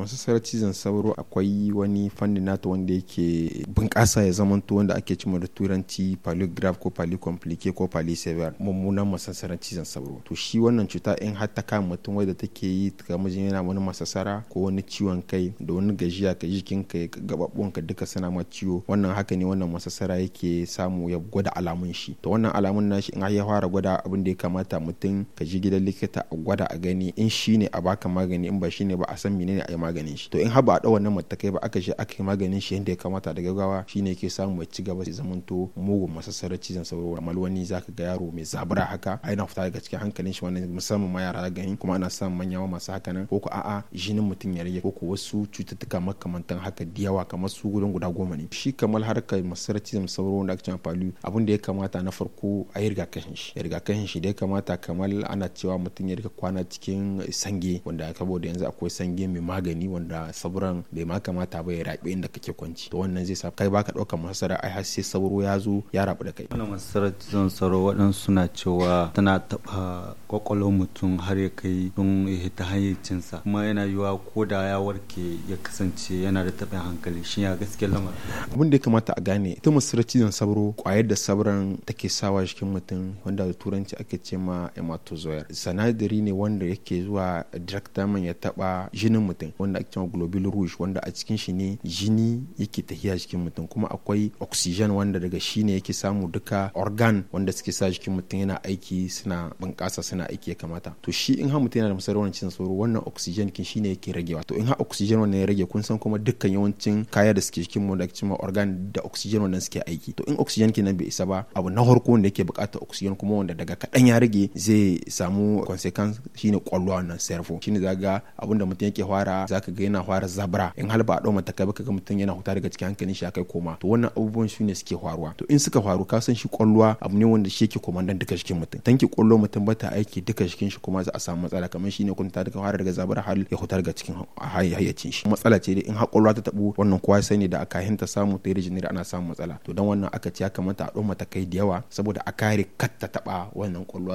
masassarar cizon sauro akwai wani fanni nata wanda yake bunƙasa ya zama to wanda ake cimo da turanci polygraph ko polycomplicate ko polysever mummunan masassarar cizon sauro to shi wannan cuta in har ta kama mutum wanda take yi ga mijin yana wani masasara ko wani ciwon kai da wani gajiya ka jikin ka gababbun ka duka suna ma ciwo wannan haka ne wannan masasara yake samu ya gwada alamun shi to wannan alamun nashi in har ya fara gwada abin da ya kamata mutum ka je gidan likita a gwada a gani in shine a baka magani in ba shine ba a san menene a maganin shi to in haɓa ba ɗau wannan matakai ba aka je aka yi maganin shi yadda ya kamata da gaggawa shine ke samu mai ci gaba ya zamanto mugun masassarar cizon sauro amma wani zaka ga yaro mai zabura haka a yana fita daga cikin hankalin shi wannan musamman ma yara gani kuma ana samun manya masu haka nan ko ko a'a jinin mutum ya rage ko ko wasu cututtuka makamantan haka da yawa kamar su gudan guda goma ne shi kamar harkar masassarar cizon sauro wanda aka ce palu abin da ya kamata na farko a yi rigakafin shi rigakafin shi da ya kamata kamar ana cewa mutum ya rika kwana cikin sange wanda saboda yanzu akwai sange mai magani tunani wanda sauran bai ma kamata ba ya rabe inda kake kwanci to wannan zai sa kai baka ɗaukar masara ai har sai sauro ya zo ya rabu da kai wannan masarar zan sauro waɗansu suna cewa tana taɓa kwakwalon mutum har ya kai don ta hanyar cinsa kuma yana yiwuwa ko da ya warke ya kasance yana da taɓin hankali shi ya gaske lamar abin da ya kamata a gane ita masarar cizon sabro kwayar da sabran take sawa jikin mutum wanda da turanci ake ce ma hematozoyar sanadari ne wanda yake zuwa man ya taɓa jinin mutum wanda ake cewa globule rouge wanda a cikin shi ne jini yake tahiya jikin mutum kuma akwai oxygen wanda daga shi ne yake samu duka organ wanda suke sa jikin mutum yana aiki suna bunƙasa suna ana aiki ya kamata to shi in har mutum yana da masarauran cin sauro wannan oxygen kin shine yake ragewa to in har oxygen wannan ya rage kun san kuma dukkan yawancin kaya da suke cikin mu da cikin organ da oxygen wannan suke aiki to in oxygen kin nan bai isa ba abu na harko wanda yake buƙatar oxygen kuma wanda daga kaɗan ya rage zai samu consequence shine kwallo wannan servo shine zaga abinda mutum yake fara zaka ga yana fara zabra in har ba a ɗau matakai ba kaga mutum yana huta daga cikin hankalin shi akai koma to wannan abubuwan shine ne suke faruwa to in suka faru ka san shi kwallo abu ne wanda shi yake komandan duka cikin mutum tanki kwallo mutum bata aiki ke duka cikin shi kuma za a samu matsala kamar shine ta daga fara daga zabar hal ya hutar ga cikin hayyacin shi matsala ce in haƙurwa ta tabu wannan kowa sani da a hinta ta samu ta yi ana samu matsala to dan wannan aka ci ya kamata a ta matakai da yawa saboda a kare kar ta taɓa wannan kwallo